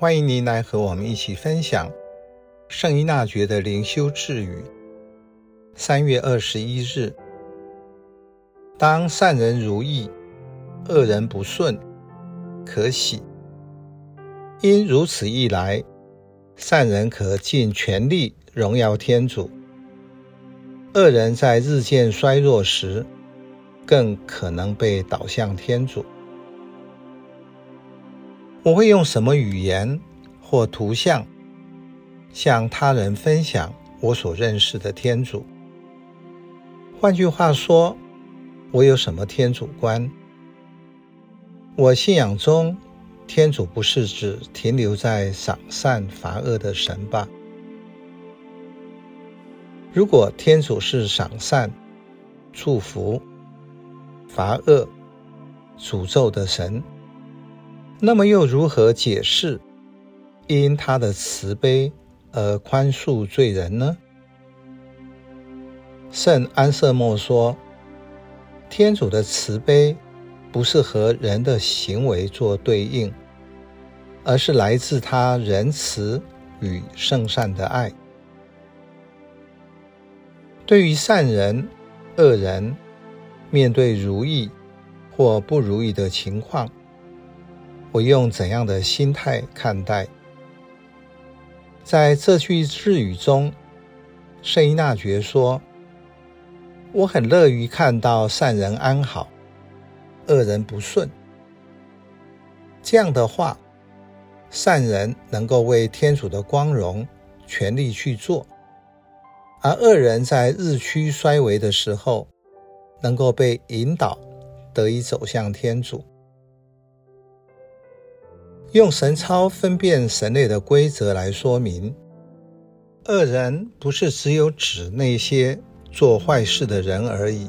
歡迎您來和我們一起分享聖依納爵的靈修智語。三月二十一日，當善人如意，惡人不順，可喜。因如此一來，善人可盡全力榮耀天主，惡人在日漸衰弱時，更可能被導向天主。我會用什麼語言或圖像向他人分享我所認識的天主？換句話說，我有什麼天主觀？我信仰中天主不是只停留在賞善罰惡的神吧？如果天主是賞善、祝福、罰惡、詛咒的神，那麼又如何解釋因他的慈悲而寬恕罪人呢？聖安瑟莫說，天主的慈悲不是和人的行為做對應，而是來自他仁慈與聖善的愛。對於善人、惡人，面對如意或不如意的情況。我用怎樣的心態看待？在這句智語中，聖依納爵說：“我很樂於看到善人安好，惡人不順。這樣的話，善人能夠為天主的光榮全力去做，而惡人在日趨衰微的時候，能夠被引導，得以走向天主。”用神操分辨神類的規則來說明，惡人不是只有指那些做壞事的人而已，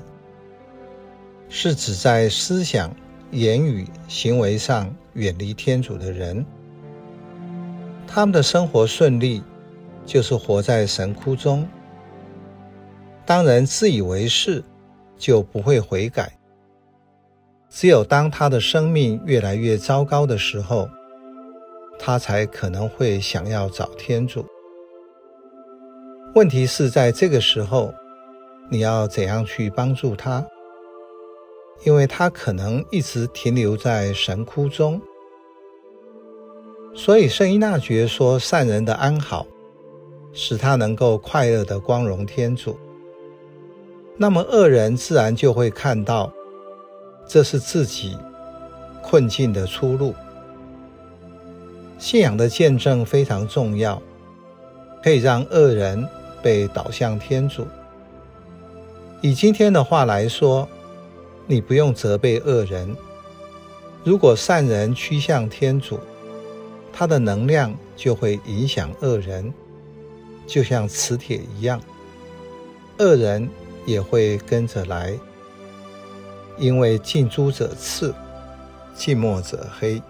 是指在思想、言語、行為上遠離天主的人。他們的生活順利，就是活在神枯中。當人自以為是，就不會悔改。只有當他的生命越來越糟糕的時候，他才可能會想要找天主。問題是在這個時候，你要怎樣去幫助他？因為他可能一直停留在神枯中，所以聖依納爵說：“善人的安好，使他能夠快樂的光榮天主。那麼惡人自然就會看到，這是自己困境的出路。”信仰的見證非常重要，可以讓惡人被導向天主。以今天的話來說，你不用責備惡人。如果善人趨向天主，他的能量就會影響惡人，就像磁鐵一樣，惡人也會跟着來。因為近朱者赤，近墨者黑。